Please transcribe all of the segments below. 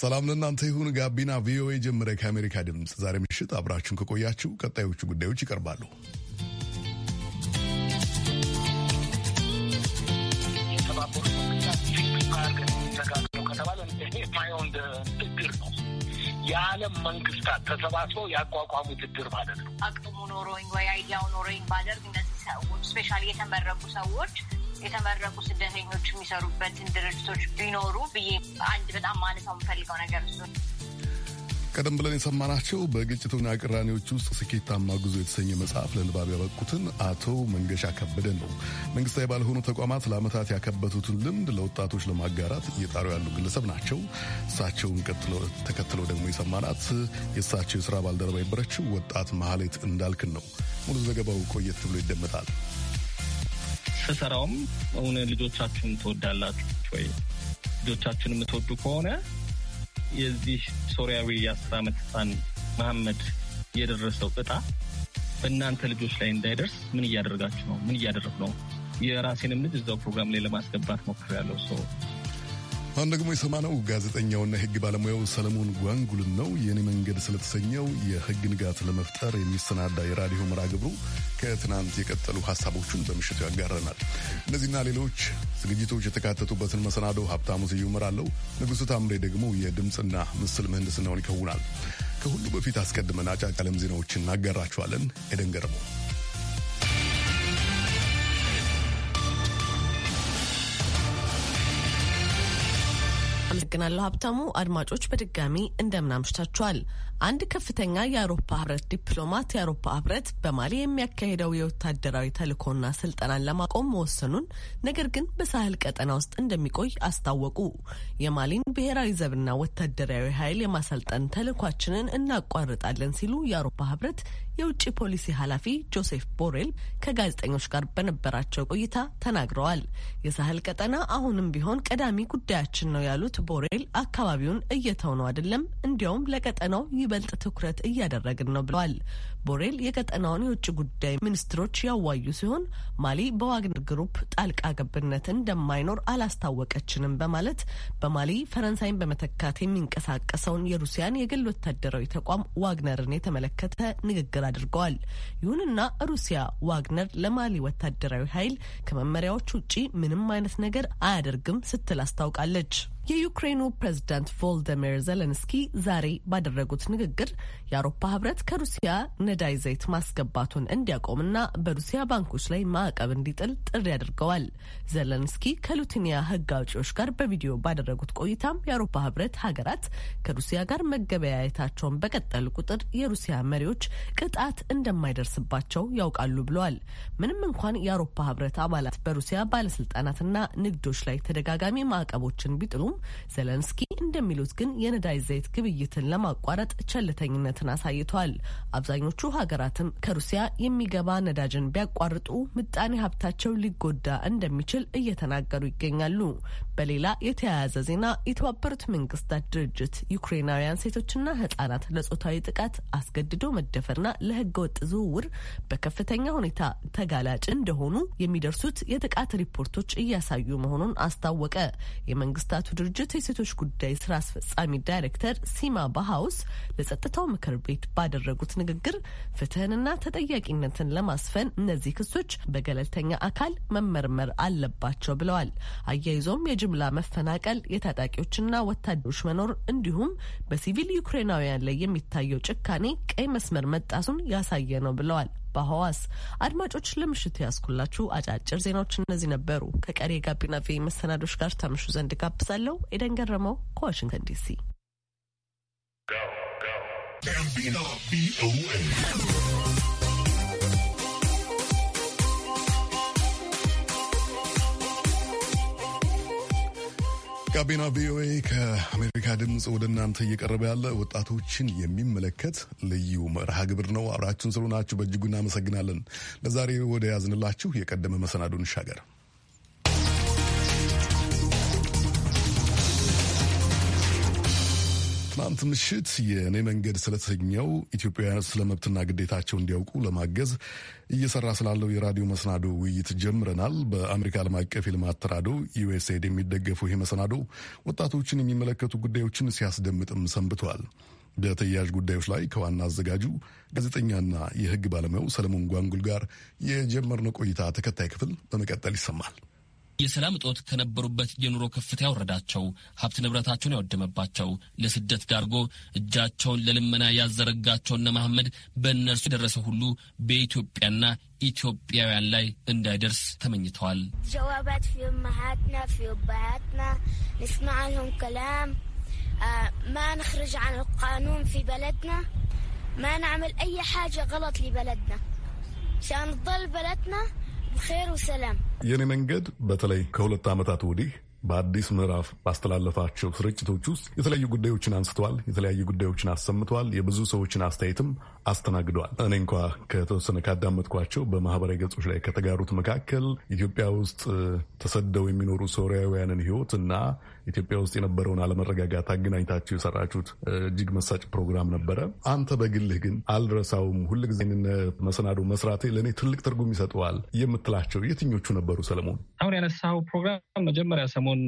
ሰላም ለእናንተ ይሁን። ጋቢና ቪኦኤ ጀምረ ከአሜሪካ ድምፅ ዛሬ ምሽት አብራችሁን ከቆያችሁ ቀጣዮቹ ጉዳዮች ይቀርባሉ። የተባበሩት መንግስታት ከተባለ ማየው እንደ የዓለም መንግስታት ተሰባስበው ያቋቋሙት እድር ማለት ነው። አቅሙ ኖሮኝ ወይ አይዲያው ኖሮኝ ባደርግ እነዚህ ሰዎች ስፔሻሊ የተመረቁ ሰዎች የተመረቁ ስደተኞች የሚሰሩበትን ድርጅቶች ቢኖሩ ብዬ አንድ በጣም ማነሳው የምፈልገው ነገር እሱ ቀደም ብለን የሰማናቸው በግጭቱና ቅራኔዎች ውስጥ ስኬታማ ጉዞ የተሰኘ መጽሐፍ ለንባብ ያበቁትን አቶ መንገሻ ከበደን ነው። መንግስታዊ ባልሆኑ ተቋማት ለዓመታት ያከበቱትን ልምድ ለወጣቶች ለማጋራት እየጣሩ ያሉ ግለሰብ ናቸው። እሳቸውን ተከትለው ደግሞ የሰማናት የእሳቸው የስራ ባልደረባ የነበረችው ወጣት መሀሌት እንዳልክን ነው። ሙሉ ዘገባው ቆየት ብሎ ይደመጣል። ስሰራውም እውነ ልጆቻችሁን ትወዳላችሁ ወይ? ልጆቻችሁን የምትወዱ ከሆነ የዚህ ሶሪያዊ የአስር ዓመት ህፃን መሐመድ የደረሰው እጣ በእናንተ ልጆች ላይ እንዳይደርስ ምን እያደረጋችሁ ነው? ምን እያደረግ ነው? የራሴንም ልጅ እዛው ፕሮግራም ላይ ለማስገባት ሞክሬያለሁ። አሁን ደግሞ የሰማነው ጋዜጠኛውና የህግ ባለሙያው ሰለሞን ጓንጉልን ነው። የኔ መንገድ ስለተሰኘው የህግ ንጋት ለመፍጠር የሚሰናዳ የራዲዮ መርሃ ግብሩ ከትናንት የቀጠሉ ሀሳቦቹን በምሽቱ ያጋረናል። እነዚህና ሌሎች ዝግጅቶች የተካተቱበትን መሰናዶ ሀብታሙ ስዩም እመራለሁ። ንጉሡ ታምሬ ደግሞ የድምፅና ምስል ምህንድስናውን ይከውናል። ከሁሉ በፊት አስቀድመን አጫጭር የዓለም ዜናዎችን እናጋራችኋለን። ኤደን ገረመው አመሰግናለሁ ሀብታሙ። አድማጮች በድጋሚ እንደምን አምሽታችኋል። አንድ ከፍተኛ የአውሮፓ ህብረት ዲፕሎማት የአውሮፓ ህብረት በማሊ የሚያካሄደው የወታደራዊ ተልእኮና ስልጠናን ለማቆም መወሰኑን ነገር ግን በሳህል ቀጠና ውስጥ እንደሚቆይ አስታወቁ። የማሊን ብሔራዊ ዘብና ወታደራዊ ኃይል የማሰልጠን ተልእኳችንን እናቋርጣለን ሲሉ የአውሮፓ ህብረት የውጭ ፖሊሲ ኃላፊ ጆሴፍ ቦሬል ከጋዜጠኞች ጋር በነበራቸው ቆይታ ተናግረዋል። የሳህል ቀጠና አሁንም ቢሆን ቀዳሚ ጉዳያችን ነው ያሉት ቦሬል አካባቢውን እየተው ነው አይደለም፣ እንዲያውም ለቀጠናው ይበልጥ ትኩረት እያደረግን ነው ብለዋል። ቦሬል የቀጠናውን የውጭ ጉዳይ ሚኒስትሮች ያዋዩ ሲሆን ማሊ በዋግነር ግሩፕ ጣልቃ ገብነት እንደማይኖር አላስታወቀችንም በማለት በማሊ ፈረንሳይን በመተካት የሚንቀሳቀሰውን የሩሲያን የግል ወታደራዊ ተቋም ዋግነርን የተመለከተ ንግግር አድርገዋል። ይሁንና ሩሲያ ዋግነር ለማሊ ወታደራዊ ኃይል ከመመሪያዎች ውጪ ምንም አይነት ነገር አያደርግም ስትል አስታውቃለች። የዩክሬኑ ፕሬዝዳንት ቮልደሚር ዘለንስኪ ዛሬ ባደረጉት ንግግር የአውሮፓ ህብረት ከሩሲያ ነዳጅ ዘይት ማስገባቱን እንዲያቆምና በሩሲያ ባንኮች ላይ ማዕቀብ እንዲጥል ጥሪ አድርገዋል። ዘለንስኪ ከሉቲኒያ ህግ አውጪዎች ጋር በቪዲዮ ባደረጉት ቆይታም የአውሮፓ ህብረት ሀገራት ከሩሲያ ጋር መገበያየታቸውን በቀጠሉ ቁጥር የሩሲያ መሪዎች ቅጣት እንደማይደርስባቸው ያውቃሉ ብለዋል። ምንም እንኳን የአውሮፓ ህብረት አባላት በሩሲያ ባለስልጣናትና ንግዶች ላይ ተደጋጋሚ ማዕቀቦችን ቢጥሉም ዘለንስኪ እንደሚሉት ግን የነዳጅ ዘይት ግብይትን ለማቋረጥ ቸልተኝነትን አሳይቷል። አብዛኞቹ ሀገራትም ከሩሲያ የሚገባ ነዳጅን ቢያቋርጡ ምጣኔ ሀብታቸው ሊጎዳ እንደሚችል እየተናገሩ ይገኛሉ። በሌላ የተያያዘ ዜና የተባበሩት መንግስታት ድርጅት ዩክሬናውያን ሴቶችና ህጻናት ለጾታዊ ጥቃት አስገድዶ መደፈርና ለህገ ወጥ ዝውውር በከፍተኛ ሁኔታ ተጋላጭ እንደሆኑ የሚደርሱት የጥቃት ሪፖርቶች እያሳዩ መሆኑን አስታወቀ። የመንግስታቱ ድርጅት የሴቶች ጉዳይ ስራ አስፈጻሚ ዳይሬክተር ሲማ ባሃውስ ለጸጥታው ምክር ቤት ባደረጉት ንግግር ፍትህንና ተጠያቂነትን ለማስፈን እነዚህ ክሶች በገለልተኛ አካል መመርመር አለባቸው ብለዋል። አያይዞም የጅምላ መፈናቀል፣ የታጣቂዎችና ወታደሮች መኖር እንዲሁም በሲቪል ዩክሬናውያን ላይ የሚታየው ጭካኔ ቀይ መስመር መጣሱን ያሳየ ነው ብለዋል። በሐዋስ አድማጮች፣ ለምሽቱ ያስኩላችሁ አጫጭር ዜናዎች እነዚህ ነበሩ። ከቀሪ የጋቢና ቪ መሰናዶች ጋር ታምሹ ዘንድ ጋብዛለሁ። ኤደን ገረመው ከዋሽንግተን ዲሲ ጋቢና ቪኦኤ ጋቢና ቪኦኤ ከአሜሪካ ድምፅ ወደ እናንተ እየቀረበ ያለ ወጣቶችን የሚመለከት ልዩ መርሃ ግብር ነው። አብራችሁን ስለሆናችሁ በእጅጉ እናመሰግናለን። ለዛሬ ወደ ያዝንላችሁ የቀደመ መሰናዶ እንሻገር። ትናንት ምሽት የእኔ መንገድ ስለተሰኘው ኢትዮጵያውያን ስለ መብትና ግዴታቸው እንዲያውቁ ለማገዝ እየሰራ ስላለው የራዲዮ መሰናዶ ውይይት ጀምረናል። በአሜሪካ ዓለም አቀፍ የልማት ተራድኦ ዩኤስኤድ የሚደገፉ ይህ መሰናዶ ወጣቶችን የሚመለከቱ ጉዳዮችን ሲያስደምጥም ሰንብቷል። በተያያዥ ጉዳዮች ላይ ከዋና አዘጋጁ ጋዜጠኛና የሕግ ባለሙያው ሰለሞን ጓንጉል ጋር የጀመርነው ቆይታ ተከታይ ክፍል በመቀጠል ይሰማል። የሰላም እጦት ከነበሩበት የኑሮ ከፍታ ያወረዳቸው፣ ሀብት ንብረታቸውን ያወደመባቸው፣ ለስደት ዳርጎ እጃቸውን ለልመና ያዘረጋቸውና መሐመድ በእነርሱ የደረሰ ሁሉ በኢትዮጵያና ኢትዮጵያውያን ላይ እንዳይደርስ ተመኝተዋል። ጀዋባት ፊ መሃትና ፊ ባሃትና ንስማዓልሁም ከላም ማ ንክርጅ አን ልቃኑን ፊ በለድና ማ ናዕምል አይ ሓጀ غለጥ ሊበለድና ሻን ضል በለድና ኸይር ወሰላም። የእኔ መንገድ በተለይ ከሁለት ዓመታት ወዲህ በአዲስ ምዕራፍ ባስተላለፋቸው ስርጭቶች ውስጥ የተለያዩ ጉዳዮችን አንስተዋል፣ የተለያዩ ጉዳዮችን አሰምተዋል፣ የብዙ ሰዎችን አስተያየትም አስተናግደዋል። እኔ እንኳ ከተወሰነ ካዳመጥኳቸው በማህበራዊ ገጾች ላይ ከተጋሩት መካከል ኢትዮጵያ ውስጥ ተሰደው የሚኖሩ ሶሪያውያንን ሕይወት እና ኢትዮጵያ ውስጥ የነበረውን አለመረጋጋት አገናኝታችሁ የሰራችሁት እጅግ መሳጭ ፕሮግራም ነበረ። አንተ በግልህ ግን አልረሳውም፣ ሁልጊዜ መሰናዶ መስራቴ ለእኔ ትልቅ ትርጉም ይሰጠዋል የምትላቸው የትኞቹ ነበሩ? ሰለሞን፣ አሁን ያነሳው ፕሮግራም መጀመሪያ ሰሞን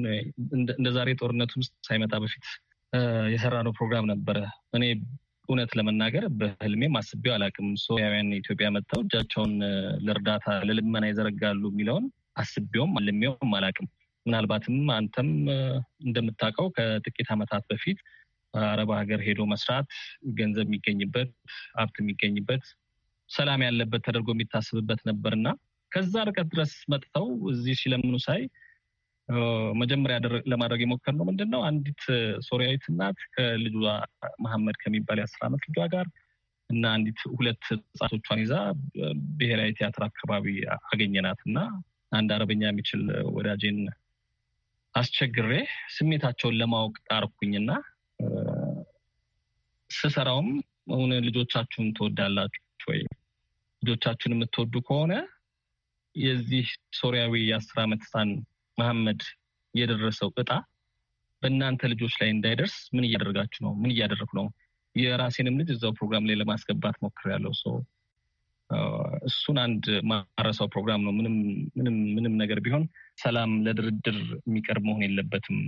እንደ ዛሬ ጦርነት ሳይመጣ በፊት የሰራነው ፕሮግራም ነበረ። እኔ እውነት ለመናገር በህልሜ አስቤው አላውቅም። ሶሪያውያን ኢትዮጵያ መጥተው እጃቸውን ለእርዳታ ለልመና ይዘረጋሉ የሚለውን አስቤውም አልሜውም አላውቅም። ምናልባትም አንተም እንደምታውቀው ከጥቂት ዓመታት በፊት አረብ ሀገር ሄዶ መስራት ገንዘብ የሚገኝበት ሀብት የሚገኝበት ሰላም ያለበት ተደርጎ የሚታስብበት ነበርና ከዛ ርቀት ድረስ መጥተው እዚህ ሲለምኑ ሳይ መጀመሪያ ለማድረግ የሞከርነው ምንድን ነው? አንዲት ሶሪያዊት እናት ከልጇ መሐመድ ከሚባል የአስር ዓመት ልጇ ጋር እና አንዲት ሁለት ህጻቶቿን ይዛ ብሔራዊ ቲያትር አካባቢ አገኘናት እና አንድ አረበኛ የሚችል ወዳጄን አስቸግሬ ስሜታቸውን ለማወቅ ጣርኩኝና ስሰራውም ሆነ ልጆቻችሁን ትወዳላችሁ ወይ? ልጆቻችሁን የምትወዱ ከሆነ የዚህ ሶሪያዊ የአስር ዓመት ህፃን መሐመድ የደረሰው እጣ በእናንተ ልጆች ላይ እንዳይደርስ ምን እያደረጋችሁ ነው? ምን እያደረኩ ነው? የራሴንም ልጅ እዛው ፕሮግራም ላይ ለማስገባት ሞክሬያለሁ። ሰው እሱን አንድ ማረሳው ፕሮግራም ነው። ምንም ምንም ነገር ቢሆን ሰላም ለድርድር የሚቀርብ መሆን የለበትም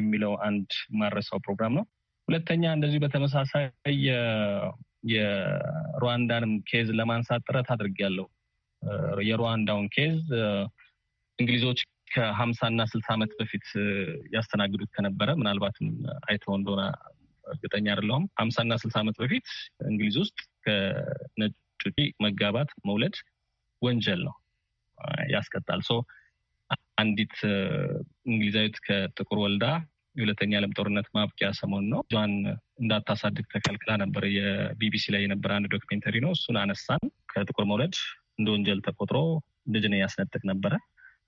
የሚለው አንድ ማረሳው ፕሮግራም ነው። ሁለተኛ እንደዚሁ በተመሳሳይ የሩዋንዳንም ኬዝ ለማንሳት ጥረት አድርጌያለሁ። የሩዋንዳውን ኬዝ እንግሊዞች ከሀምሳ እና ስልሳ ዓመት በፊት ያስተናግዱት ከነበረ ምናልባትም አይተው እንደሆነ እርግጠኛ አይደለሁም። ሀምሳ እና ስልሳ ዓመት በፊት እንግሊዝ ውስጥ ከነጭ ውጪ መጋባት መውለድ ወንጀል ነው፣ ያስቀጣል። ሶ አንዲት እንግሊዛዊት ከጥቁር ወልዳ የሁለተኛ ዓለም ጦርነት ማብቂያ ሰሞን ነው ጇን እንዳታሳድግ ተከልክላ ነበር። የቢቢሲ ላይ የነበረ አንድ ዶክሜንተሪ ነው። እሱን አነሳን። ከጥቁር መውለድ እንደ ወንጀል ተቆጥሮ ልጅን ያስነጥቅ ነበረ።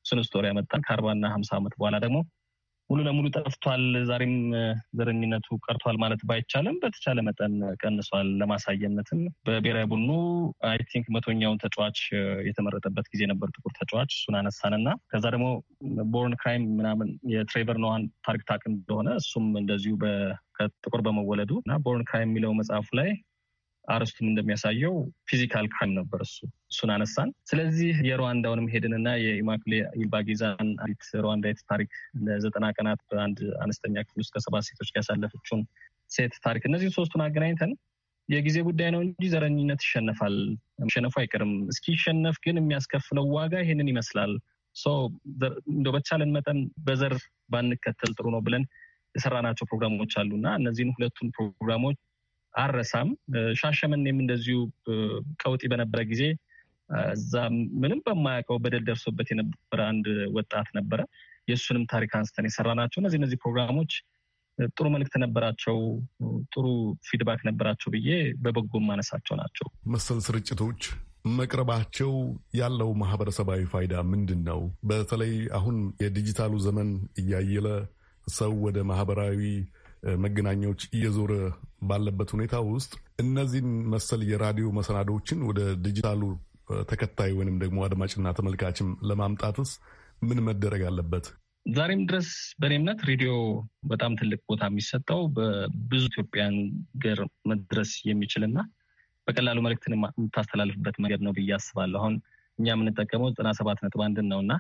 እሱን ስቶሪ ያመጣን። ከአርባና ሀምሳ ዓመት በኋላ ደግሞ ሙሉ ለሙሉ ጠፍቷል፣ ዛሬም ዘረኝነቱ ቀርቷል ማለት ባይቻልም በተቻለ መጠን ቀንሷል። ለማሳየነትም በብሔራዊ ቡድኑ አይ ቲንክ መቶኛውን ተጫዋች የተመረጠበት ጊዜ ነበር ጥቁር ተጫዋች፣ እሱን አነሳንና ከዛ ደግሞ ቦርን ክራይም ምናምን የትሬቨር ኖዋን ታሪክ ታቅ እንደሆነ እሱም እንደዚሁ ጥቁር በመወለዱ እና ቦርን ክራይም የሚለው መጽሐፉ ላይ አርስቱም እንደሚያሳየው ፊዚካል ክራይም ነበር እሱ እሱን አነሳን። ስለዚህ የሩዋንዳውንም ሄድንና የኢማኩሌ ኢልባጊዛን አንዲት ሩዋንዳዊት ታሪክ ለዘጠና ቀናት በአንድ አነስተኛ ክፍል ውስጥ ከሰባት ሴቶች ጋር ያሳለፈችውን ሴት ታሪክ እነዚህን ሶስቱን አገናኝተን የጊዜ ጉዳይ ነው እንጂ ዘረኝነት ይሸነፋል፣ መሸነፉ አይቀርም። እስኪሸነፍ ግን የሚያስከፍለው ዋጋ ይሄንን ይመስላል። እንደ በቻለን መጠን በዘር ባንከተል ጥሩ ነው ብለን የሰራናቸው ፕሮግራሞች አሉ እና እነዚህን ሁለቱን ፕሮግራሞች አረሳም። ሻሸመኔም እንደዚሁ ቀውጢ በነበረ ጊዜ እዛ ምንም በማያውቀው በደል ደርሶበት የነበረ አንድ ወጣት ነበረ። የእሱንም ታሪክ አንስተን የሰራ ናቸው። እነዚህ እነዚህ ፕሮግራሞች ጥሩ መልእክት ነበራቸው፣ ጥሩ ፊድባክ ነበራቸው ብዬ በበጎ ማነሳቸው ናቸው። መሰል ስርጭቶች መቅረባቸው ያለው ማህበረሰባዊ ፋይዳ ምንድን ነው? በተለይ አሁን የዲጂታሉ ዘመን እያየለ ሰው ወደ ማህበራዊ መገናኛዎች እየዞረ ባለበት ሁኔታ ውስጥ እነዚህን መሰል የራዲዮ መሰናዶዎችን ወደ ዲጂታሉ ተከታይ ወይንም ደግሞ አድማጭና ተመልካችም ለማምጣትስ ምን መደረግ አለበት? ዛሬም ድረስ በእኔ እምነት ሬዲዮ በጣም ትልቅ ቦታ የሚሰጠው በብዙ ኢትዮጵያን ገር መድረስ የሚችልና በቀላሉ መልዕክትን የምታስተላልፍበት መንገድ ነው ብዬ አስባለሁ። አሁን እኛ የምንጠቀመው ዘጠና ሰባት ነጥብ አንድን ነው እና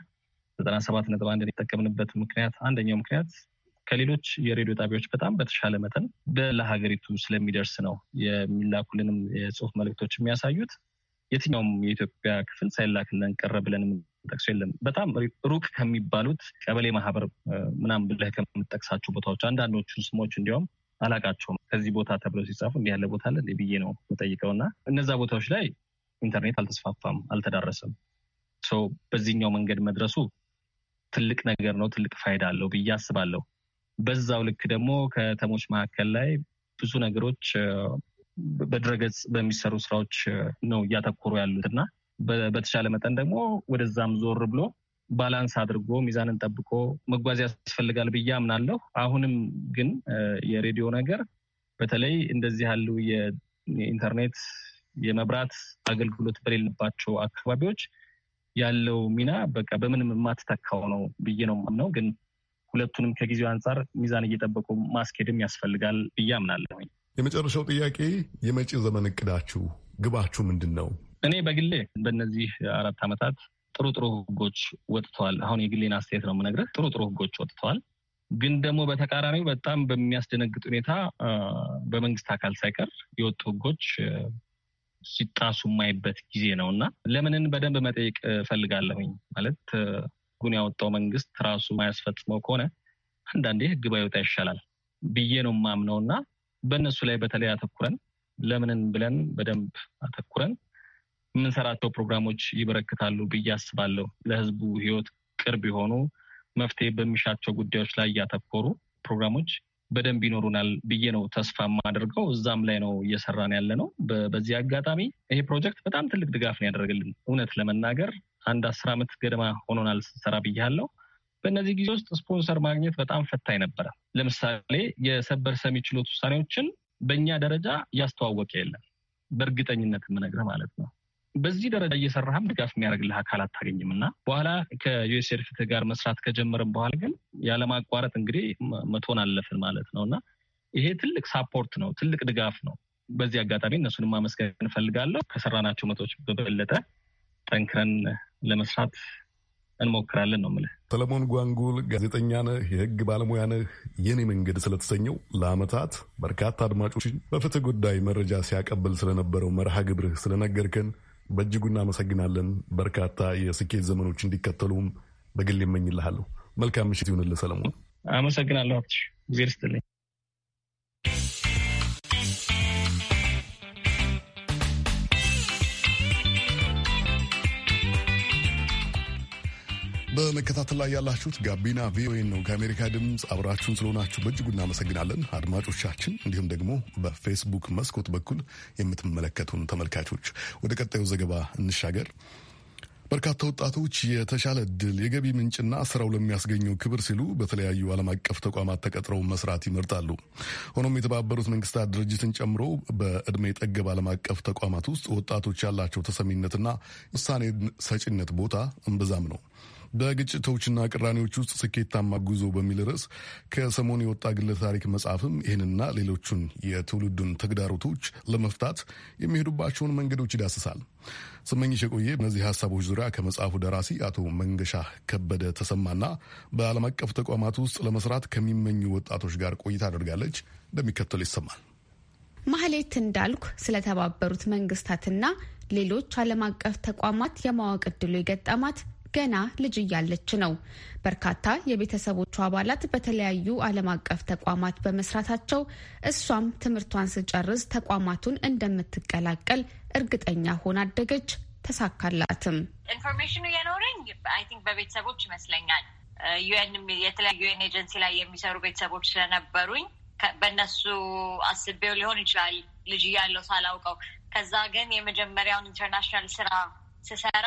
ዘጠና ሰባት ነጥብ አንድን የተጠቀምንበት ምክንያት አንደኛው ምክንያት ከሌሎች የሬዲዮ ጣቢያዎች በጣም በተሻለ መጠን ለሀገሪቱ ስለሚደርስ ነው የሚላኩልንም የጽሁፍ መልእክቶች የሚያሳዩት የትኛውም የኢትዮጵያ ክፍል ሳይላክልን ቀረ ብለን የምንጠቅሱ የለም። በጣም ሩቅ ከሚባሉት ቀበሌ ማህበር ምናም ብለህ ከምጠቅሳቸው ቦታዎች አንዳንዶቹ ስሞች እንዲያውም አላቃቸውም። ከዚህ ቦታ ተብለው ሲጻፉ እንዲህ ያለ ቦታ አለ ብዬ ነው የምጠይቀው እና እነዛ ቦታዎች ላይ ኢንተርኔት አልተስፋፋም፣ አልተዳረሰም። በዚህኛው መንገድ መድረሱ ትልቅ ነገር ነው፣ ትልቅ ፋይዳ አለው ብዬ አስባለሁ። በዛው ልክ ደግሞ ከተሞች መካከል ላይ ብዙ ነገሮች በድረገጽ በሚሰሩ ስራዎች ነው እያተኮሩ ያሉት እና በተሻለ መጠን ደግሞ ወደዛም ዞር ብሎ ባላንስ አድርጎ ሚዛንን ጠብቆ መጓዝ ያስፈልጋል ብዬ አምናለሁ። አሁንም ግን የሬዲዮ ነገር በተለይ እንደዚህ ያሉ የኢንተርኔት የመብራት አገልግሎት በሌለባቸው አካባቢዎች ያለው ሚና በቃ በምንም የማትተካው ነው ብዬ ነው የማምነው ግን ሁለቱንም ከጊዜው አንጻር ሚዛን እየጠበቁ ማስኬድም ያስፈልጋል ብዬ አምናለሁ። የመጨረሻው ጥያቄ የመጪ ዘመን እቅዳችሁ ግባችሁ ምንድን ነው? እኔ በግሌ በእነዚህ አራት ዓመታት ጥሩ ጥሩ ህጎች ወጥተዋል። አሁን የግሌን አስተያየት ነው የምነግርህ። ጥሩ ጥሩ ህጎች ወጥተዋል ግን ደግሞ በተቃራኒው በጣም በሚያስደነግጥ ሁኔታ በመንግስት አካል ሳይቀር የወጡ ህጎች ሲጣሱ የማይበት ጊዜ ነው እና ለምንን በደንብ መጠየቅ እፈልጋለሁኝ ማለት ህጉን ያወጣው መንግስት ራሱ ማያስፈጽመው ከሆነ አንዳንዴ ህግ ባይወጣ ይሻላል ብዬ ነው የማምነው እና በእነሱ ላይ በተለይ አተኩረን ለምንን ብለን በደንብ አተኩረን የምንሰራቸው ፕሮግራሞች ይበረክታሉ ብዬ አስባለሁ። ለህዝቡ ህይወት ቅርብ የሆኑ መፍትሄ በሚሻቸው ጉዳዮች ላይ እያተኮሩ ፕሮግራሞች በደንብ ይኖሩናል ብዬ ነው ተስፋ የማደርገው። እዛም ላይ ነው እየሰራን ያለ ነው። በዚህ አጋጣሚ ይሄ ፕሮጀክት በጣም ትልቅ ድጋፍ ነው ያደረገልን። እውነት ለመናገር አንድ አስር ዓመት ገደማ ሆኖናል ስንሰራ ብያለው። በእነዚህ ጊዜ ውስጥ ስፖንሰር ማግኘት በጣም ፈታኝ ነበረ። ለምሳሌ የሰበር ሰሚ ችሎት ውሳኔዎችን በእኛ ደረጃ እያስተዋወቀ የለም። በእርግጠኝነት የምነግርህ ማለት ነው። በዚህ ደረጃ እየሰራህም ድጋፍ የሚያደርግልህ አካል አታገኝም እና በኋላ ከዩኤስኤድ ፍትህ ጋር መስራት ከጀመርም በኋላ ግን ያለማቋረጥ እንግዲህ መቶን አለፍን ማለት ነው እና ይሄ ትልቅ ሳፖርት ነው፣ ትልቅ ድጋፍ ነው። በዚህ አጋጣሚ እነሱን ማመስገን እንፈልጋለሁ። ከሰራናቸው መቶች በበለጠ ጠንክረን ለመስራት እንሞክራለን ነው የምልህ። ሰለሞን ጓንጉል ጋዜጠኛ ነህ፣ የህግ ባለሙያ ነህ። የኔ መንገድ ስለተሰኘው ለአመታት በርካታ አድማጮችን በፍትህ ጉዳይ መረጃ ሲያቀብል ስለነበረው መርሃ ግብርህ ስለነገርከን በእጅጉ እናመሰግናለን። በርካታ የስኬት ዘመኖች እንዲከተሉም በግል ይመኝልሃለሁ። መልካም ምሽት ይሁንልህ ሰለሞን። አመሰግናለሁ። ጊዜ ርስጥልኝ። በመከታተል ላይ ያላችሁት ጋቢና ቪኦኤ ነው። ከአሜሪካ ድምፅ አብራችሁን ስለሆናችሁ በእጅጉ እናመሰግናለን አድማጮቻችን፣ እንዲሁም ደግሞ በፌስቡክ መስኮት በኩል የምትመለከቱን ተመልካቾች። ወደ ቀጣዩ ዘገባ እንሻገር። በርካታ ወጣቶች የተሻለ እድል፣ የገቢ ምንጭና ስራው ለሚያስገኘው ክብር ሲሉ በተለያዩ ዓለም አቀፍ ተቋማት ተቀጥረው መስራት ይመርጣሉ። ሆኖም የተባበሩት መንግስታት ድርጅትን ጨምሮ በእድሜ ጠገብ ዓለም አቀፍ ተቋማት ውስጥ ወጣቶች ያላቸው ተሰሚነትና ውሳኔ ሰጪነት ቦታ እምብዛም ነው። በግጭቶችና ቅራኔዎች ውስጥ ስኬታማ ጉዞ በሚል ርዕስ ከሰሞኑ የወጣ ግለ ታሪክ መጽሐፍም ይህንና ሌሎቹን የትውልዱን ተግዳሮቶች ለመፍታት የሚሄዱባቸውን መንገዶች ይዳስሳል። ስመኝሽ የቆየ በእነዚህ ሀሳቦች ዙሪያ ከመጽሐፉ ደራሲ አቶ መንገሻ ከበደ ተሰማና በዓለም አቀፍ ተቋማት ውስጥ ለመስራት ከሚመኙ ወጣቶች ጋር ቆይታ አድርጋለች። እንደሚከተሉ ይሰማል። ማህሌት እንዳልኩ ስለተባበሩት መንግስታትና ሌሎች ዓለም አቀፍ ተቋማት የማወቅ እድሉ የገጠማት ገና ልጅ እያለች ነው። በርካታ የቤተሰቦቹ አባላት በተለያዩ ዓለም አቀፍ ተቋማት በመስራታቸው እሷም ትምህርቷን ስጨርስ ተቋማቱን እንደምትቀላቀል እርግጠኛ ሆና አደገች። ተሳካላትም። ኢንፎርሜሽኑ የኖረኝ አይ ቲንክ በቤተሰቦች ይመስለኛል። ዩኤን የተለያዩ ዩኤን ኤጀንሲ ላይ የሚሰሩ ቤተሰቦች ስለነበሩኝ በእነሱ አስቤው ሊሆን ይችላል ልጅ ያለው ሳላውቀው። ከዛ ግን የመጀመሪያውን ኢንተርናሽናል ስራ ስሰራ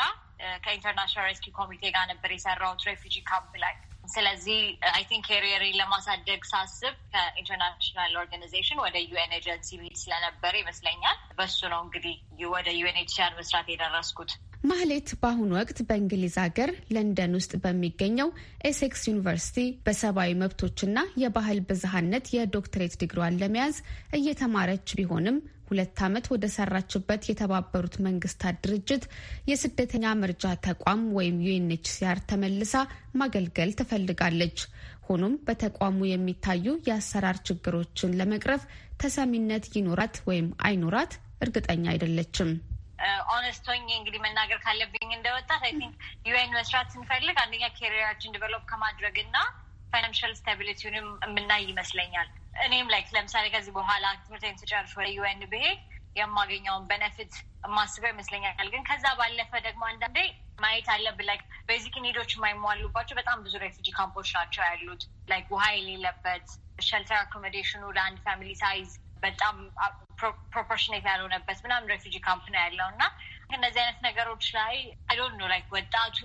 ከኢንተርናሽናል ሬስኪ ኮሚቴ ጋር ነበር የሰራሁት ሬፊጂ ካምፕ ላይ። ስለዚህ አይ ቲንክ ኬሪየሬን ለማሳደግ ሳስብ ከኢንተርናሽናል ኦርጋናይዜሽን ወደ ዩኤን ኤጀንሲ ሚሄድ ስለነበር ይመስለኛል በሱ ነው እንግዲህ ወደ ዩኤንኤችሲአር መስራት የደረስኩት። ማህሌት በአሁኑ ወቅት በእንግሊዝ ሀገር ለንደን ውስጥ በሚገኘው ኤሴክስ ዩኒቨርሲቲ በሰብአዊ መብቶችና የባህል ብዝሃነት የዶክትሬት ዲግሪዋን ለመያዝ እየተማረች ቢሆንም ሁለት ዓመት ወደ ሰራችበት የተባበሩት መንግስታት ድርጅት የስደተኛ መርጃ ተቋም ወይም ዩኤንኤችሲአር ተመልሳ ማገልገል ትፈልጋለች። ሆኖም በተቋሙ የሚታዩ የአሰራር ችግሮችን ለመቅረፍ ተሰሚነት ይኖራት ወይም አይኖራት እርግጠኛ አይደለችም። ኦነስቶኝ እንግዲህ መናገር ካለብኝ እንደወጣት አይ ቲንክ ዩኤን መስራት ስንፈልግ አንደኛ ኬሪያችን ዲቨሎፕ ከማድረግ እና ፋይናንሽል ስታቢሊቲውንም የምናይ ይመስለኛል። እኔም ላይክ ለምሳሌ ከዚህ በኋላ ትምህርቴን ስጨርስ ወደ ዩኤን ብሄድ የማገኘውን በነፊት የማስበው ይመስለኛል። ግን ከዛ ባለፈ ደግሞ አንዳንዴ ማየት አለብን ላይክ ቤዚክ ኒዶች የማይሟሉባቸው በጣም ብዙ ሬፊጂ ካምፖች ናቸው ያሉት። ላይክ ውሃ የሌለበት ሸልተር አኮሞዴሽኑ ለአንድ ፋሚሊ ሳይዝ በጣም ፕሮፖርሽኔት ያልሆነበት ምናምን ሬፊጂ ካምፕ ነው ያለው እና እነዚህ አይነት ነገሮች ላይ አይ ኖ ላይክ ወጣቱ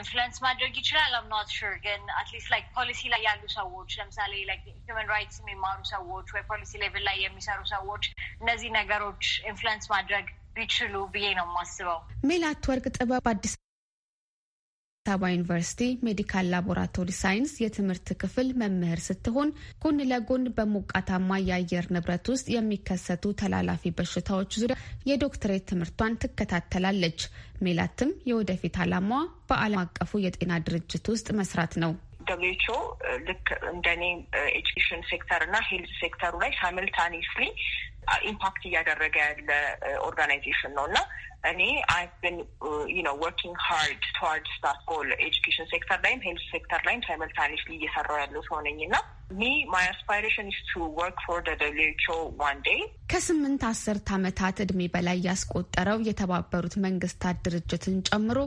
ኢንፍሉዌንስ ማድረግ ይችላል። አም ኖት ሹር ግን አትሊስት ላይክ ፖሊሲ ላይ ያሉ ሰዎች ለምሳሌ ላይክ ሂውመን ራይትስ የሚማሩ ሰዎች ወይ ፖሊሲ ሌቭል ላይ የሚሰሩ ሰዎች እነዚህ ነገሮች ኢንፍሉዌንስ ማድረግ ቢችሉ ብዬ ነው የማስበው። ሜላት ወርቅ ጥበብ አዲስ ታባ ዩኒቨርሲቲ ሜዲካል ላቦራቶሪ ሳይንስ የትምህርት ክፍል መምህር ስትሆን ጎን ለጎን በሞቃታማ የአየር ንብረት ውስጥ የሚከሰቱ ተላላፊ በሽታዎች ዙሪያ የዶክትሬት ትምህርቷን ትከታተላለች። ሜላትም የወደፊት ዓላማዋ በዓለም አቀፉ የጤና ድርጅት ውስጥ መስራት ነው። ደብሊውኤችኦ ልክ እንደኔ ኤጁኬሽን uh, ሴክተር እና ሄልዝ ሴክተሩ ላይ ሳምልታኒስሊ ኢምፓክት እያደረገ ያለ ኦርጋናይዜሽን ነው እና እኔ አይ ብን ዩኖ ወርኪንግ ሃርድ ተዋርድ ስታት ጎል ኤጁኬሽን ሴክተር ላይም ሄልት ሴክተር ላይም ሳይመልታኒስ እየሰራው ያለው ሰው ነኝ እና ሚ ማይ አስፓይሬሽን ኢስ ቱ ወርክ ፎር ደ ደብሊው ዋን ዴይ። ከስምንት አስርት ዓመታት እድሜ በላይ ያስቆጠረው የተባበሩት መንግስታት ድርጅትን ጨምሮ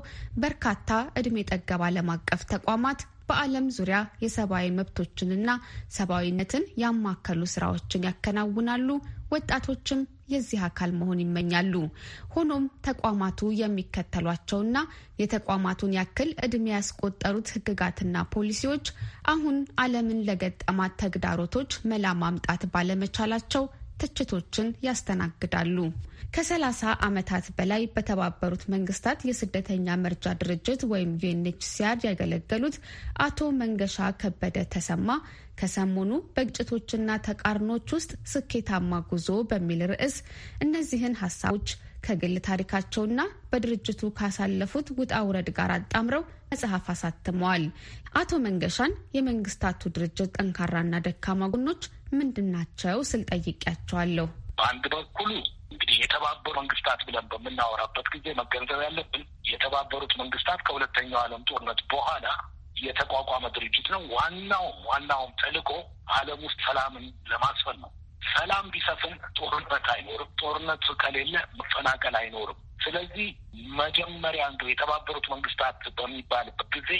በርካታ እድሜ ጠገብ ዓለም አቀፍ ተቋማት በዓለም ዙሪያ የሰብአዊ መብቶችንና ሰብአዊነትን ያማከሉ ስራዎችን ያከናውናሉ። ወጣቶችም የዚህ አካል መሆን ይመኛሉ። ሆኖም ተቋማቱ የሚከተሏቸውና የተቋማቱን ያክል እድሜ ያስቆጠሩት ህግጋትና ፖሊሲዎች አሁን ዓለምን ለገጠማት ተግዳሮቶች መላ ማምጣት ባለመቻላቸው ትችቶችን ያስተናግዳሉ። ከ30 ዓመታት በላይ በተባበሩት መንግስታት የስደተኛ መርጃ ድርጅት ወይም ዩኤንኤችሲአር ያገለገሉት አቶ መንገሻ ከበደ ተሰማ ከሰሞኑ በግጭቶችና ተቃርኖች ውስጥ ስኬታማ ጉዞ በሚል ርዕስ እነዚህን ሀሳቦች ከግል ታሪካቸውና በድርጅቱ ካሳለፉት ውጣ ውረድ ጋር አጣምረው መጽሐፍ አሳትመዋል። አቶ መንገሻን የመንግስታቱ ድርጅት ጠንካራና ደካማ ጎኖች ምንድን ናቸው ስል ጠይቄያቸዋለሁ። በአንድ በኩሉ እንግዲህ የተባበሩ መንግስታት ብለን በምናወራበት ጊዜ መገንዘብ ያለብን የተባበሩት መንግስታት ከሁለተኛው ዓለም ጦርነት በኋላ የተቋቋመ ድርጅት ነው። ዋናውም ዋናውም ተልቆ ዓለም ውስጥ ሰላምን ለማስፈን ነው። ሰላም ቢሰፍን ጦርነት አይኖርም። ጦርነት ከሌለ መፈናቀል አይኖርም። ስለዚህ መጀመሪያ እንግዲህ የተባበሩት መንግስታት በሚባልበት ጊዜ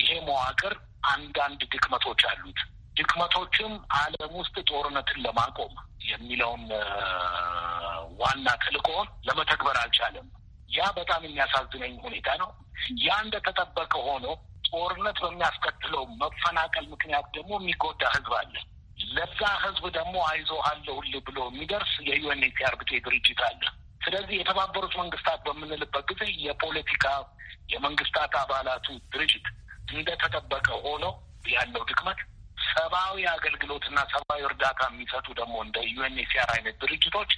ይሄ መዋቅር አንዳንድ ድክመቶች አሉት። ድክመቶችም ዓለም ውስጥ ጦርነትን ለማቆም የሚለውን ዋና ተልዕኮውን ለመተግበር አልቻለም። ያ በጣም የሚያሳዝነኝ ሁኔታ ነው። ያ እንደተጠበቀ ሆኖ ጦርነት በሚያስከትለው መፈናቀል ምክንያት ደግሞ የሚጎዳ ህዝብ አለ። ለዛ ህዝብ ደግሞ አይዞ አለሁልህ ብሎ የሚደርስ የዩኤንኤችሲአር ብጤ ድርጅት አለ። ስለዚህ የተባበሩት መንግስታት በምንልበት ጊዜ የፖለቲካ የመንግስታት አባላቱ ድርጅት እንደተጠበቀ ሆኖ ያለው ድክመት ሰብአዊ አገልግሎትና ሰብአዊ እርዳታ የሚሰጡ ደግሞ እንደ ዩኤንኤችሲአር አይነት ድርጅቶች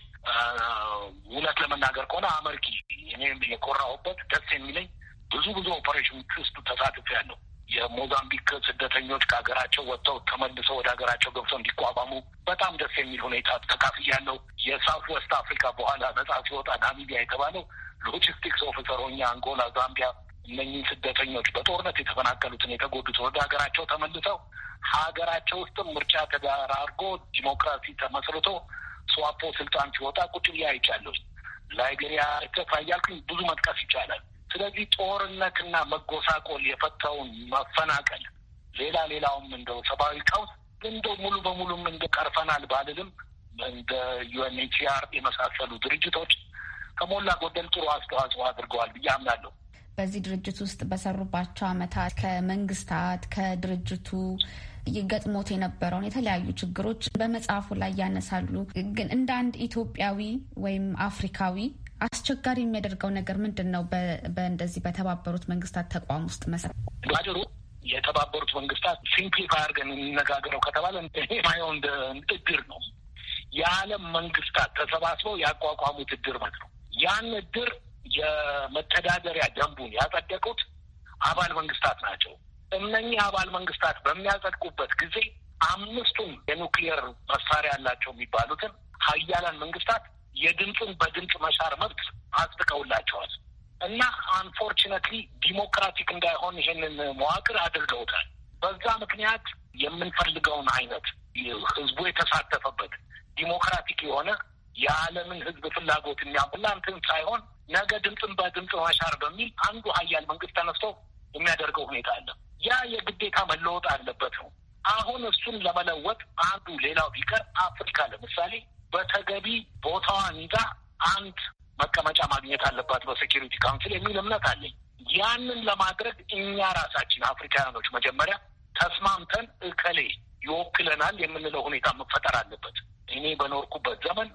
እውነት ለመናገር ከሆነ አመርቂ እኔም የኮራሁበት ደስ የሚለኝ ብዙ ብዙ ኦፐሬሽኖች ውስጥ ተሳትፎ ያለው የሞዛምቢክ ስደተኞች ከሀገራቸው ወጥተው ተመልሰው ወደ ሀገራቸው ገብተው እንዲቋቋሙ በጣም ደስ የሚል ሁኔታ ተካፍያለሁ። የሳውት ዌስት አፍሪካ በኋላ ነጻ ሲወጣ ናሚቢያ የተባለው ሎጂስቲክስ ኦፊሰር ሆኜ አንጎላ፣ ዛምቢያ እነኝህ ስደተኞች በጦርነት የተፈናቀሉትን የተጎዱት ወደ ሀገራቸው ተመልሰው ሀገራቸው ውስጥም ምርጫ ተደራርጎ ዲሞክራሲ ተመስርቶ ስዋፖ ስልጣን ሲወጣ ቁጭ ብዬ አይቻለሁ። ላይቤሪያ፣ ኤርትራ እያልኩኝ ብዙ መጥቀስ ይቻላል። ስለዚህ ጦርነትና መጎሳቆል የፈተውን መፈናቀል፣ ሌላ ሌላውም እንደው ሰብአዊ ቀውስ እንደ ሙሉ በሙሉም እንደ ቀርፈናል ባልልም እንደ ዩኤንኤችሲአር የመሳሰሉ ድርጅቶች ከሞላ ጎደል ጥሩ አስተዋጽኦ አድርገዋል ብዬ አምናለሁ። በዚህ ድርጅት ውስጥ በሰሩባቸው አመታት ከመንግስታት ከድርጅቱ ይገጥሞት የነበረውን የተለያዩ ችግሮች በመጽሐፉ ላይ ያነሳሉ። ግን እንደ አንድ ኢትዮጵያዊ ወይም አፍሪካዊ አስቸጋሪ የሚያደርገው ነገር ምንድን ነው? በእንደዚህ በተባበሩት መንግስታት ተቋም ውስጥ መሰ ባጭሩ የተባበሩት መንግስታት ሲምፕሊፋይ አድርገን የሚነጋገረው ከተባለ ማየውን እድር ነው። የዓለም መንግስታት ተሰባስበው ያቋቋሙት እድር ማለት ነው። ያን እድር የመተዳደሪያ ደንቡን ያጸደቁት አባል መንግስታት ናቸው። እነኚህ አባል መንግስታት በሚያጸድቁበት ጊዜ አምስቱም የኑክሊየር መሳሪያ ያላቸው የሚባሉትን ሀያላን መንግስታት የድምፁን በድምፅ መሻር መብት አጽድቀውላቸዋል እና አንፎርችነትሊ ዲሞክራቲክ እንዳይሆን ይሄንን መዋቅር አድርገውታል። በዛ ምክንያት የምንፈልገውን አይነት ህዝቡ የተሳተፈበት ዲሞክራቲክ የሆነ የዓለምን ህዝብ ፍላጎት የሚያሟላ እንትን ሳይሆን ነገ ድምፅን በድምፅ ማሻር በሚል አንዱ ሀያል መንግስት ተነስቶ የሚያደርገው ሁኔታ አለ። ያ የግዴታ መለወጥ አለበት ነው። አሁን እሱን ለመለወጥ አንዱ ሌላው ቢቀር አፍሪካ ለምሳሌ በተገቢ ቦታዋን ይዛ አንድ መቀመጫ ማግኘት አለባት በሴኪሪቲ ካውንስል የሚል እምነት አለኝ። ያንን ለማድረግ እኛ ራሳችን አፍሪካውያኖች መጀመሪያ ተስማምተን እከሌ ይወክለናል የምንለው ሁኔታ መፈጠር አለበት። እኔ በኖርኩበት ዘመን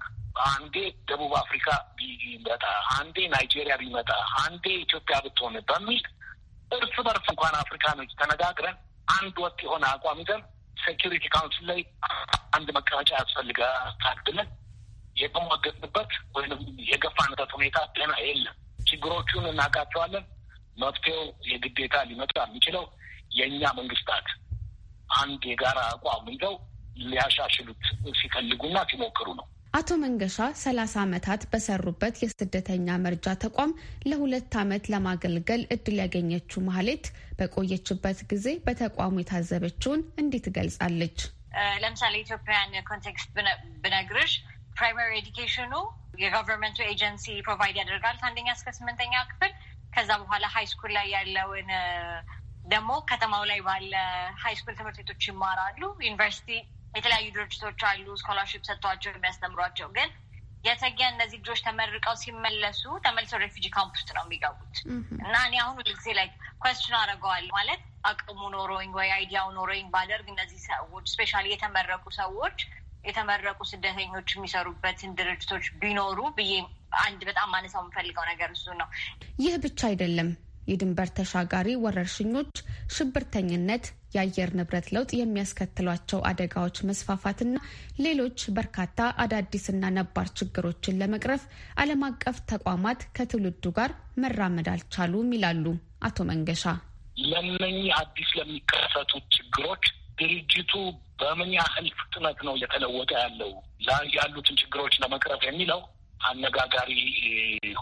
አንዴ ደቡብ አፍሪካ ቢመጣ፣ አንዴ ናይጄሪያ ቢመጣ፣ አንዴ ኢትዮጵያ ብትሆን በሚል እርስ በርስ እንኳን አፍሪካኖች ተነጋግረን አንድ ወጥ የሆነ አቋም ይዘን ሴኪሪቲ ካውንስል ላይ አንድ መቀመጫ ያስፈልጋታል ብለን የተሟገትንበት ወይም የገፋንበት ሁኔታ ጤና የለም። ችግሮቹን እናውቃቸዋለን። መፍትሄው የግዴታ ሊመጣ የሚችለው የእኛ መንግስታት አንድ የጋራ አቋም ይዘው ሊያሻሽሉት ሲፈልጉና ሲሞክሩ ነው። አቶ መንገሻ ሰላሳ ዓመታት በሰሩበት የስደተኛ መርጃ ተቋም ለሁለት ዓመት ለማገልገል እድል ያገኘችው ማህሌት በቆየችበት ጊዜ በተቋሙ የታዘበችውን እንዲህ ትገልጻለች። ለምሳሌ ኢትዮጵያን ኮንቴክስት ብነግርሽ ፕራይማሪ ኤዲኬሽኑ የጋቨርንመንቱ ኤጀንሲ ፕሮቫይድ ያደርጋል ከአንደኛ እስከ ስምንተኛ ክፍል። ከዛ በኋላ ሀይ ስኩል ላይ ያለውን ደግሞ ከተማው ላይ ባለ ሀይ ስኩል ትምህርት ቤቶች ይማራሉ። ዩኒቨርሲቲ የተለያዩ ድርጅቶች አሉ ስኮላርሽፕ ሰጥቷቸው የሚያስተምሯቸው። ግን የተጊያ እነዚህ ልጆች ተመርቀው ሲመለሱ ተመልሰው ሬፊጂ ካምፕ ውስጥ ነው የሚገቡት እና እኔ አሁን ጊዜ ላይ ኮስችን አደርገዋለሁ ማለት አቅሙ ኖሮኝ ወይ አይዲያው ኖሮኝ ባደርግ እነዚህ ሰዎች ስፔሻሊ የተመረቁ ሰዎች የተመረቁ ስደተኞች የሚሰሩበትን ድርጅቶች ቢኖሩ ብዬ አንድ በጣም ማነሳው የምፈልገው ነገር እሱ ነው። ይህ ብቻ አይደለም። የድንበር ተሻጋሪ ወረርሽኞች፣ ሽብርተኝነት፣ የአየር ንብረት ለውጥ የሚያስከትሏቸው አደጋዎች መስፋፋትና ሌሎች በርካታ አዳዲስና ነባር ችግሮችን ለመቅረፍ ዓለም አቀፍ ተቋማት ከትውልዱ ጋር መራመድ አልቻሉም ይላሉ አቶ መንገሻ። ለምኝ አዲስ ለሚከሰቱት ችግሮች ድርጅቱ በምን ያህል ፍጥነት ነው እየተለወጠ ያለው ያሉትን ችግሮች ለመቅረፍ የሚለው አነጋጋሪ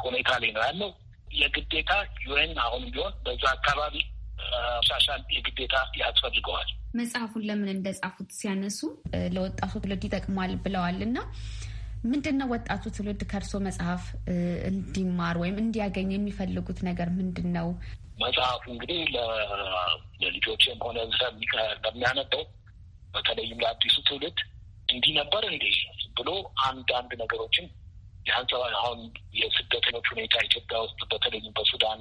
ሁኔታ ላይ ነው ያለው። የግዴታ ዩኤን አሁን ቢሆን በዛ አካባቢ ሻሻል የግዴታ ያስፈልገዋል። መጽሐፉን ለምን እንደጻፉት ሲያነሱ ለወጣቱ ትውልድ ይጠቅማል ብለዋል እና ምንድን ነው ወጣቱ ትውልድ ከእርሶ መጽሐፍ እንዲማር ወይም እንዲያገኝ የሚፈልጉት ነገር ምንድን ነው? መጽሐፉ እንግዲህ ለልጆችም ሆነ ለሚያነበው በተለይም ለአዲሱ ትውልድ እንዲህ ነበር እንዴ ብሎ አንዳንድ ነገሮችን የአንጸባ አሁን የስደተኞች ሁኔታ ኢትዮጵያ ውስጥ በተለይም በሱዳን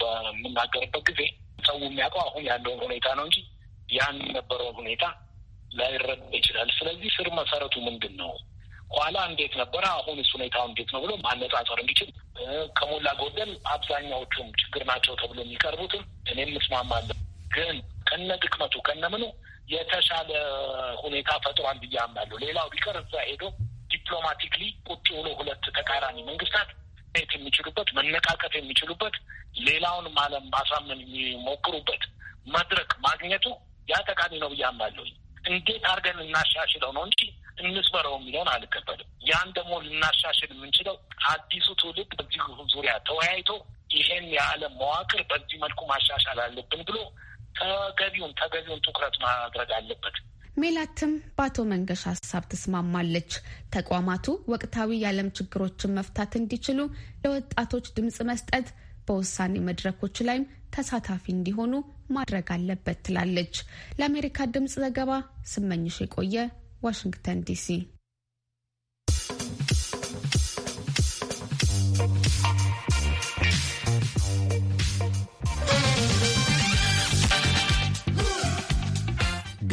በምናገርበት ጊዜ ሰው የሚያውቀው አሁን ያለውን ሁኔታ ነው እንጂ ያን የነበረውን ሁኔታ ላይረዳ ይችላል። ስለዚህ ስር መሰረቱ ምንድን ነው፣ ኋላ እንዴት ነበረ፣ አሁን እሱ ሁኔታው እንዴት ነው ብሎ ማነጻጸር እንዲችል ከሞላ ጎደል አብዛኛዎቹም ችግር ናቸው ተብሎ የሚቀርቡትም እኔም እስማማለሁ። ግን ከነ ድክመቱ ከነምኑ የተሻለ ሁኔታ ፈጥሯል ብዬ አምናለሁ። ሌላው ቢቀር እዛ ሄዶ ዲፕሎማቲክሊ ቁጭ ብሎ ሁለት ተቃራኒ መንግስታት ት የሚችሉበት መነቃቀት የሚችሉበት ሌላውንም ዓለም ማሳመን የሚሞክሩበት መድረክ ማግኘቱ ያ ጠቃሚ ነው ብዬ አምናለሁ። እንዴት አድርገን እናሻሽለው ነው እንጂ እንስበረው የሚለውን አልቀበልም። ያን ደግሞ ልናሻሽል የምንችለው አዲሱ ትውልድ በዚህ ዙሪያ ተወያይቶ ይሄን የዓለም መዋቅር በዚህ መልኩ ማሻሻል አለብን ብሎ ተገቢውን ተገቢውን ትኩረት ማድረግ አለበት። ሜላትም በአቶ መንገሻ ሀሳብ ትስማማለች። ተቋማቱ ወቅታዊ የዓለም ችግሮችን መፍታት እንዲችሉ ለወጣቶች ድምፅ መስጠት፣ በውሳኔ መድረኮች ላይም ተሳታፊ እንዲሆኑ ማድረግ አለበት ትላለች። ለአሜሪካ ድምፅ ዘገባ ስመኝሽ የቆየ ዋሽንግተን ዲሲ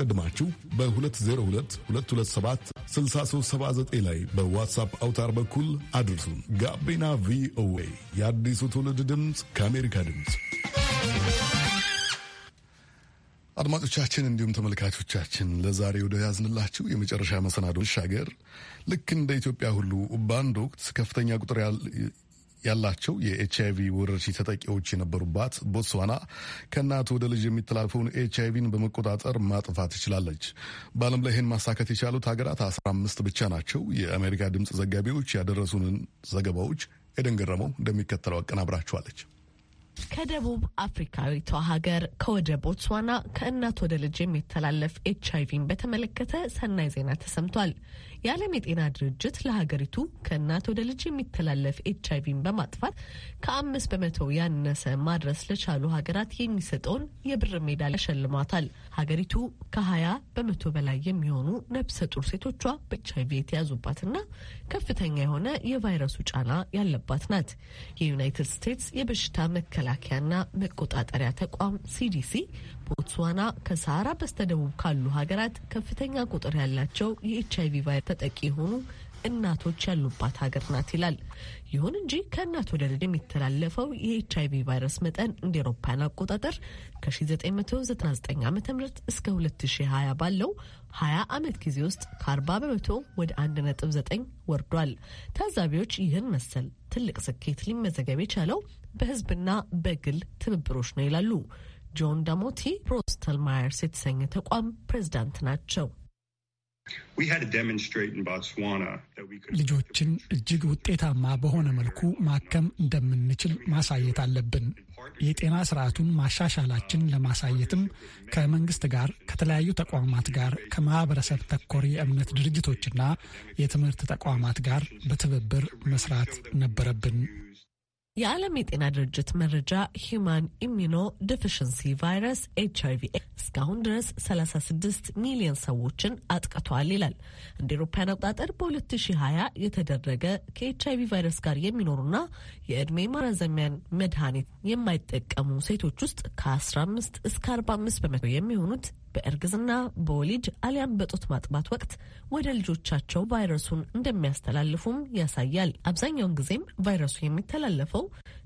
አስቀድማችሁ በ202227 6379 ላይ በዋትሳፕ አውታር በኩል አድርሱን። ጋቢና ቪኦኤ የአዲሱ ትውልድ ድምፅ ከአሜሪካ ድምፅ። አድማጮቻችን እንዲሁም ተመልካቾቻችን ለዛሬ ወደ ያዝንላችሁ የመጨረሻ መሰናዶ ሻገር ልክ እንደ ኢትዮጵያ ሁሉ በአንድ ወቅት ከፍተኛ ቁጥር ያላቸው የኤች አይቪ ወረርሽኝ ተጠቂዎች የነበሩባት ቦትስዋና ከእናት ወደ ልጅ የሚተላልፈውን ኤች አይቪን በመቆጣጠር ማጥፋት ትችላለች። በዓለም ላይ ይህን ማሳካት የቻሉት ሀገራት አስራ አምስት ብቻ ናቸው። የአሜሪካ ድምፅ ዘጋቢዎች ያደረሱንን ዘገባዎች ኤደን ገረመው እንደሚከተለው አቀናብራችኋለች። ከደቡብ አፍሪካዊቷ ሀገር ከወደ ቦትስዋና ከእናት ወደ ልጅ የሚተላለፍ ኤች አይቪን በተመለከተ ሰናይ ዜና ተሰምቷል። የዓለም የጤና ድርጅት ለሀገሪቱ ከእናት ወደ ልጅ የሚተላለፍ ኤች አይቪን በማጥፋት ከአምስት በመቶ ያነሰ ማድረስ ለቻሉ ሀገራት የሚሰጠውን የብር ሜዳሊያ ሸልሟታል። ሀገሪቱ ከሀያ በመቶ በላይ የሚሆኑ ነፍሰ ጡር ሴቶቿ በኤች አይቪ የተያዙባትና ከፍተኛ የሆነ የቫይረሱ ጫና ያለባት ናት። የዩናይትድ ስቴትስ የበሽታ መከላከያና መቆጣጠሪያ ተቋም ሲዲሲ ቦትስዋና ከሰሃራ በስተደቡብ ካሉ ሀገራት ከፍተኛ ቁጥር ያላቸው የኤች አይቪ ቫይረስ ተጠቂ የሆኑ እናቶች ያሉባት ሀገር ናት ይላል። ይሁን እንጂ ከእናት ወደ ልጅ የሚተላለፈው የኤች አይቪ ቫይረስ መጠን እንደ ኤሮፓያን አቆጣጠር ከ1999 ዓ ም እስከ 2020 ባለው 20 ዓመት ጊዜ ውስጥ ከ40 በመቶ ወደ 1.9 ወርዷል። ታዛቢዎች ይህን መሰል ትልቅ ስኬት ሊመዘገብ የቻለው በህዝብና በግል ትብብሮች ነው ይላሉ። ጆን ደሞቲ ፕሮስተል ማየርስ የተሰኘ ተቋም ፕሬዝዳንት ናቸው። ልጆችን እጅግ ውጤታማ በሆነ መልኩ ማከም እንደምንችል ማሳየት አለብን። የጤና ስርዓቱን ማሻሻላችን ለማሳየትም ከመንግስት ጋር፣ ከተለያዩ ተቋማት ጋር፣ ከማህበረሰብ ተኮር የእምነት ድርጅቶችና የትምህርት ተቋማት ጋር በትብብር መስራት ነበረብን። የዓለም የጤና ድርጅት መረጃ ሂማን ኢሚኖ ዲፊሽንሲ ቫይረስ ኤች አይቪ እስካሁን ድረስ 36 ሚሊዮን ሰዎችን አጥቅቷል ይላል። እንደ ኤሮፓያን አቆጣጠር በ2020 የተደረገ ከኤች አይቪ ቫይረስ ጋር የሚኖሩና የዕድሜ ማራዘሚያን መድኃኒት የማይጠቀሙ ሴቶች ውስጥ ከ15 እስከ 45 በመቶ የሚሆኑት በእርግዝና በወሊድ አሊያም በጡት ማጥባት ወቅት ወደ ልጆቻቸው ቫይረሱን እንደሚያስተላልፉም ያሳያል። አብዛኛውን ጊዜም ቫይረሱ የሚተላለፈው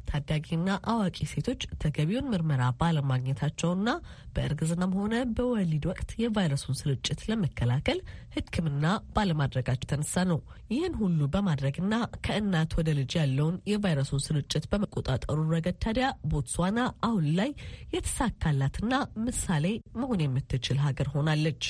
ታዳጊና አዋቂ ሴቶች ተገቢውን ምርመራ ባለማግኘታቸውና በእርግዝናም ሆነ በወሊድ ወቅት የቫይረሱን ስርጭት ለመከላከል ሕክምና ባለማድረጋቸው የተነሳ ነው። ይህን ሁሉ በማድረግና ከእናት ወደ ልጅ ያለውን የቫይረሱን ስርጭት በመቆጣጠሩ ረገድ ታዲያ ቦትስዋና አሁን ላይ የተሳካላትና ምሳሌ መሆን የምትችል የምትችል ሀገር ሆናለች።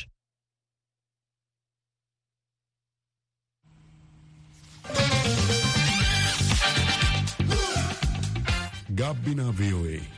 ጋቢና ቪኦኤ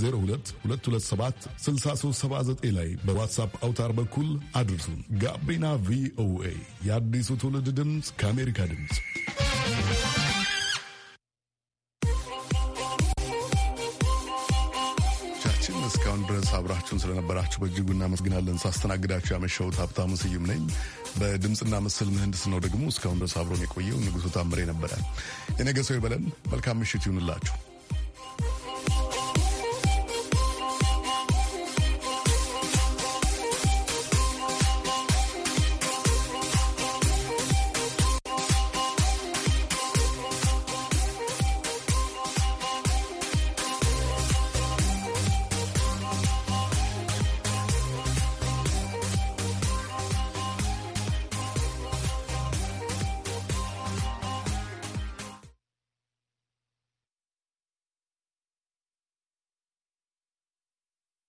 202 6379 ላይ በዋትሳፕ አውታር በኩል አድርሱን። ጋቢና ቪኦኤ የአዲሱ ትውልድ ድምፅ ከአሜሪካ ድምፅ እስካሁን ድረስ አብራችሁን ስለነበራችሁ በእጅጉ እናመስግናለን። ሳስተናግዳችሁ ያመሸሁት ሀብታሙ ስዩም ነኝ። በድምፅና ምስል ምህንድስ ነው ደግሞ እስካሁን ድረስ አብሮን የቆየው ንጉሱ ታምሬ ነበረ። የነገ ሰው ይበለን። መልካም ምሽት ይሁንላችሁ።